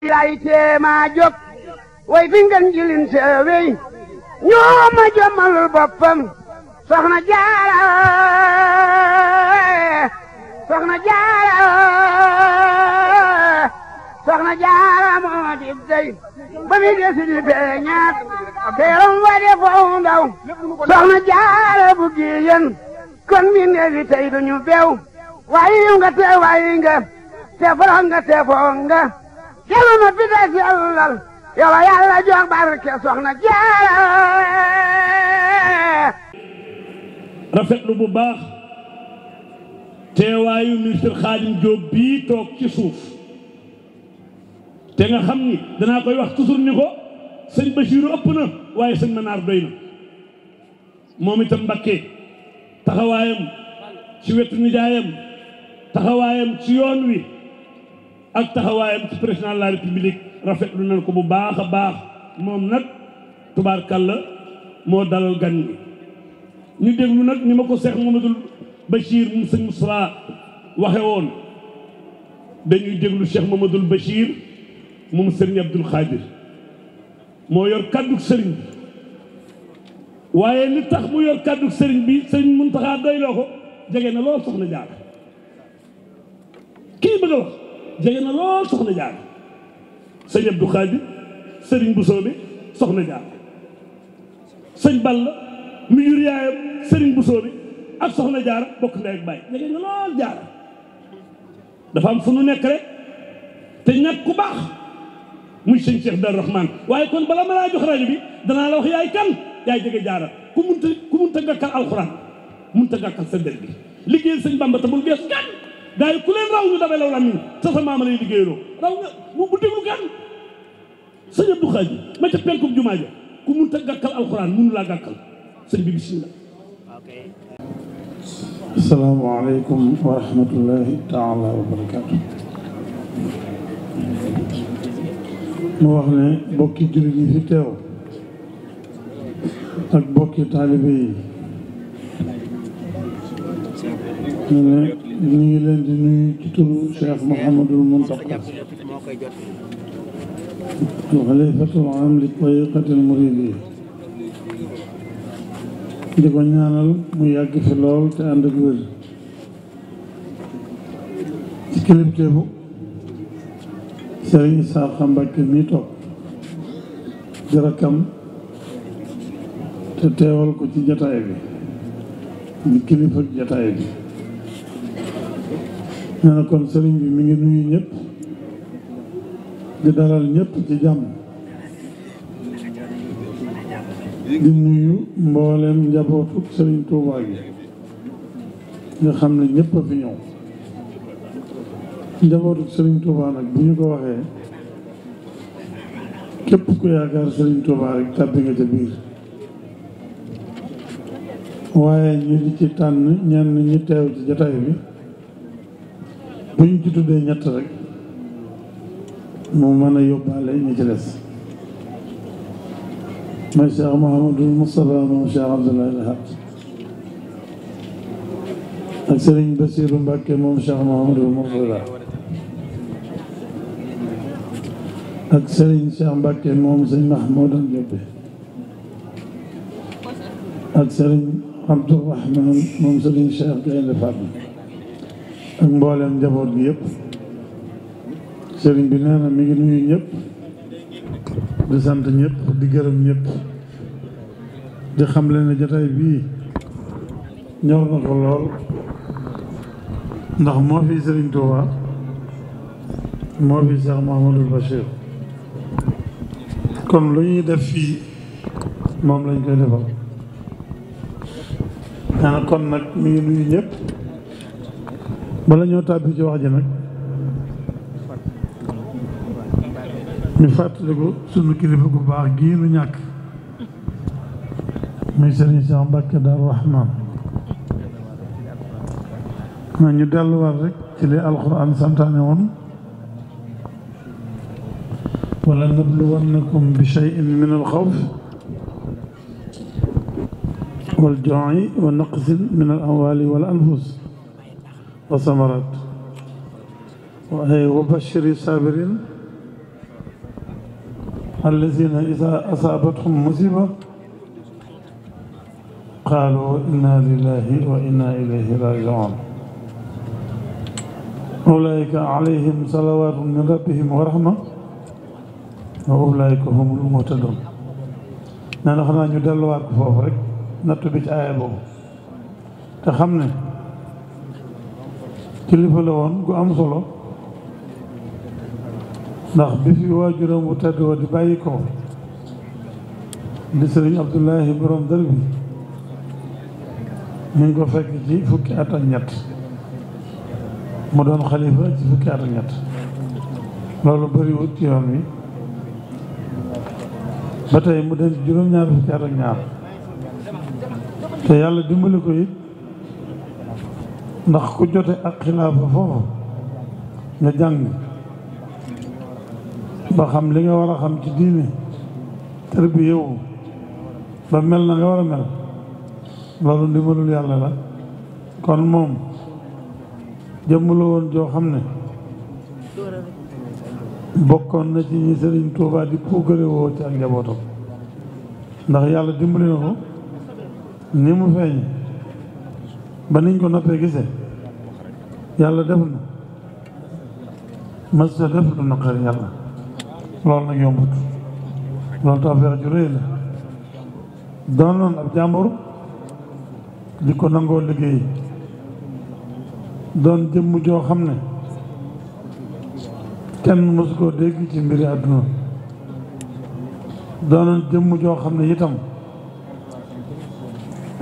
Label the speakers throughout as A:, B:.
A: lay teema jóg way fi ngeen jilin seewey ñoo ma jommalul boppam soxna jaara soxna jaara soxna jaara moo di dey ba mi desi di beeñaat teeram wa de foofu soxna jaara bu giyen kon mi neefi tey duñu bew wayi nga te wayi te foro nga te foo yàlla na fi des yàllal yàlla yàlla jox barke soxna jaara rafetlu bu baax
B: teewaayu ministre Khadim Diop bii toog ci suuf te nga xam ni danaa koy wax toujours ni ko sëñ Bachir ëpp na waaye sëñ Manar doy na moom itam Mbakke taxawaayam ci wetu nijaayam taxawaayam ci yoon wi ak taxawaayam ci président de la république rafetlu nañ ko bu baax a baax moom nag tubaarkàlla moo dalal gan ñi ñu déglu nag ni ma ko Seex Mamadul Bachir mu sëñ Moussa waxe woon dañuy déglu Cheikh Mamadul Bachir moom sëriñ Abdul Xaadir moo yor kàddu sëriñ bi waaye ni tax mu yor kàddu sëriñ bi sëriñ Muntaxa doyloo ko jege na lool soxna jaar kii bëgg a wax jege na lool soxna jaar sëñ Abdou Khadir sëriñ bu bi soxna jaar sëñ Balla mi jur yaayam sëriñ Bousso bi ak soxna jaar bokk ndey ak baay jege na lool jaar dafa am fu nu nekk rek te ñàkk ku baax muy sëñ Cheikh Dar Rahman waaye kon bala ma laa jox rajo bi danaa la wax yaay kan yaay jege jaar ku munta ku munta gàkkal alxuraan munta gàkkal sa der bi liggéeyal sëñ Bamba te bul gees kan gars yi ku leen raw ñu dabay law lammiñ sa sa maama lay liggéeyloo raw nga bu déglu kan sëñ Abdou Khadre ma ca penkum jumaa ja ku mun ta gàkkal alxuraan mënu laa gàkkal sëñ bi bismillah
C: asalaamaaleykum wa rahmatullahi taala wa barakaatu mu wax ne bokki jullit yi fi teew ak bokki taalibe yi ñu ngi leen di nuyu ci turu Cheikh Mouhamadul Mountakha xalifatul aam li tariqatil muriidiyya di ko ñaanal mu yàgg fi lool te ànd ak wér ci kilifteefu Serigne Issakha Mbacké mi toog di rakkam te teewal ko ci jataay bi di kilifa jataay bi nee na kon sëriñ bi mu ngi nuyu ñëpp di dalal ñëpp ci jàmm di nuyu mboolem njabootu sëriñ Touba gi nga xam ne ñëpp a fi ñëw njabootu sëriñ Touba nag bu ñu ko waxee képp ku yaakaar sëriñ Touba rek tàbbi biir waaye ñu di ci tànn ñenn ñi teew ci jataay bi bu ñu ci tuddee ñett rek mu mën a yóbbaale ñi ci des mooy Cheikh Mouhamadul Moustapha moom Cheikh Abdoulaye Lahad ak Serigne Bassirou Mbacké moom Cheikh Mouhamadul Mourtada ak Serigne Cheikh Mbacké moom Serigne Mahmoudan Diop ak Serigne Abdourahmane moom Serigne Cheikh Gaïndé Fatma ak mbooleem njaboot bi yëpp sëriñ bi nee na mi ngi nuyu ñëpp di sant ñëpp di gërëm ñëpp di xam leen ne jotaay bii ñor na ko lool ndax moo fi sëriñ Touba moo fi Cheikh Mouhamadou Bachir kon lu ñuy def fii moom lañ koy defal nee na kon nag mi ngi nuyu ñëpp bala ñoo tàbbi ci wax ji nag ñu fàttaliku sunu kilifa gu baax gii nu ñàkk muy Serigne Cheikh Mbacke Darou Rahman na ñu delluwaat rek ci li alquran santaane woon wala nabluwannakum bi shay'in min alxawf wal ju'i wa naqsin min al amwali wal anfus wa samaraat waaye wa bashiri saabiriin allazina iza asaabathum musiba qaalu inna lillahi wa inna ilayhi raaji'uun ulaa'ika alayhim salawaatun min rabbihim wa rahma wa ulaa'ika humul muhtaduun nee na xanaa ñu delluwaat ko foofu rek nattu bi ci aaya boobu te xam ne kilifa la woon gu am solo ndax bi fi waajuram bu tedd wa di bàyyi ko di Abdullahi borom dër bi ñu ngi ko fekk ci fukki attan ñett mu doon xalifa ci fukki at ñett loolu bëriwut ci yoon wi ba tey mu dem ci juróom-ñaar fukki at ñaar te yàlla dimbali ko it ndax ku jote ak xilaafa foofu nga jàng ba xam li nga war a xam ci diine tër bi yow ba mel na nga war a mel loolu ndimbalul yàlla la kon moom jëmm la woon joo xam ne bokkoon na ci ñi Sëriñ Tuubaa di puugare woo ci ak njabootam ndax yàlla dimbali na ko ni mu feeñ ba niñ ko noppee gisee yàlla def na mas def lu naqari yàlla loolu nag yombut loolu tawfeex ju rëy la doonoon ab jàmbur di ko nangoo liggéey doon jëmm joo xam ne kenn mësu koo dégg ci mbiri àdduna doonoon jëmm joo xam ne itam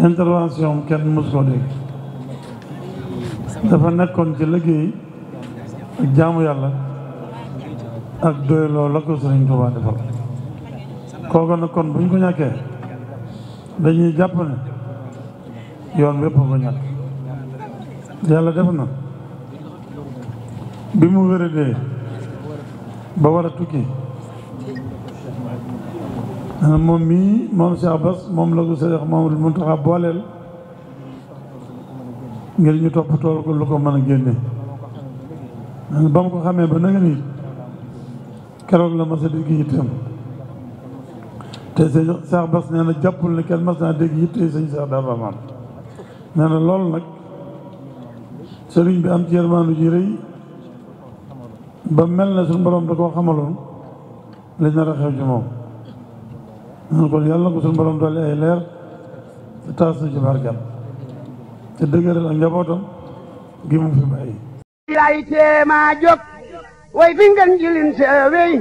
C: intervention kenn mësu koo dégg dafa nekkoon ci liggéey ak jaamu yàlla ak doyloo la ko sëriñ Tuubaa defal kooku nag kon buñ ko ñàkkee dañuy jàpp ne yoon wépp ko ñàkk yàlla def na bi mu wéradee ba war a tukki moom mii moom Cheikh Bass moom la ko Cheikh Mamadou Mountakha booleel ngir ñu topp tool ko lu ko mën a génne ba mu ko xamee ba na nga ni la mas a dégg yitteem te sëñ Cheikh Bass nee na jàppul ne kenn mas naa dégg yitte sëñ Cheikh Darou Rahmane nee na lool nag sëriñ bi am ci ji rëy ba mel na suñu borom da koo xamaloon lañ nar a xew moom nee na kon yàlla ko suñu borom doole ay leer te taas na ci barkat te dëgëral ak njabootam gi mu fi bàyyi
A: lay tee maa jóg way fi ngeen jilin seewey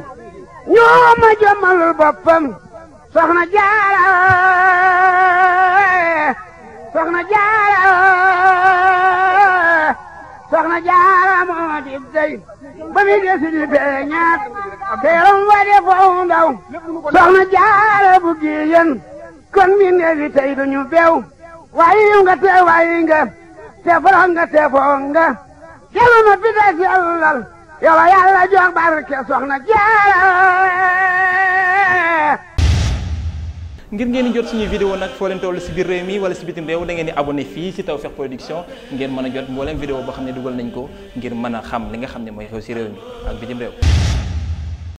A: ñoo ma jommalul boppam soxna jaara soxna jaara moo di ba mi desi di beeñaat teeram wa de foofu ndaw soxna jaara bu kon mi neefi tey duñu beew wayu nga te wayi nga te foro nga te foo nga jëlu ma bi des yàllal yow yàlla jox barke soxna jaara ngir ngeen jot suñuy vidéo
B: nag foo leen toll si biir réew mi wala si bitim réew da ngeen di abonné fii si Tawfekh Production ngeen mën a jot mbooleem vidéo boo xam ne dugal nañ ko ngir mën a xam li nga xam ne mooy xew si réew mi ak bitim réew